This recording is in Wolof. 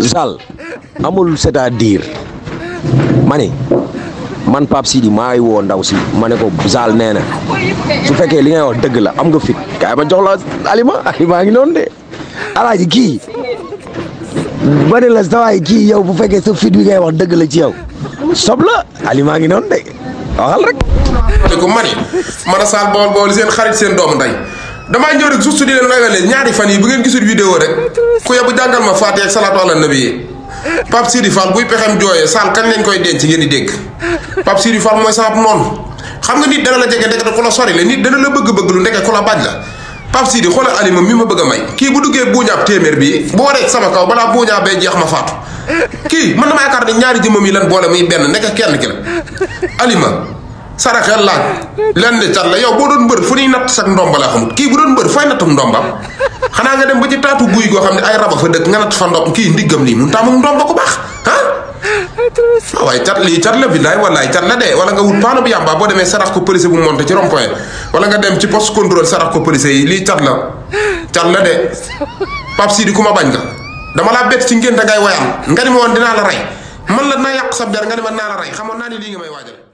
Zal amul c'est-à-dire ma ni man Pape Sidi maay woo ndaw si ma ne ko Zal nee na su fekkee li ngay wax dëgg la am nga fit kaay ma jox la alima alima ngi noon de alaaji kii ba la sawaay kii yow bu fekkee sa fit bi ngay wax dëgg la ci yow sob la alima ngi noonu de waxal rek. te ko mani man a Bawol Bawol seen xarit seen doomu nday damaa ñëw di leen ragal leen ñaari fan yi bu ngeen gisul rek. ku yebu jangal ma faati ak salatu ala nabi pap Sidi Fall buy pexem joye sal kan len koy denc ngeen di deg pap Sidi Fall moy saab non xam nga nit dana la jege da ko la sori le nit dana la bëgg-bëgg lu ndeke ko la bañ la pap Sidi xoolal alima mi ma bëgg may ki bu duggee buuñaab témèr bi bo waree sama kaw balaa buuñaab bee jeex ma faatu kii man dama yaakaar ni ñaari jëmmam yi lan bolé muy ben nekk kenn ki la alima la laaj ni tan la yow bo doon mbër fu ni nat sag ndomba la xamut ki bu doon fay natum ndombam xana nga dem ba ci taatu guuy go xamni ay raba fa dekk nga nat fa ndom kii ndiggam lii mun taamu ndom ba ko baax ah? ah waaye cat lii cat la billahi wallahi cat la de wala nga wut paanu bi yàmbaa boo demee sarax ko police bu monté ci rond point wala nga dem ci poste contrôle sarax ko police yi li cat la cat la de pap di kuma bañ nga dama la bet ci da ngay wayal nga ni ma woon la ray man la na yak sa ber nga ni ma la ray xamona ni li nga may wajal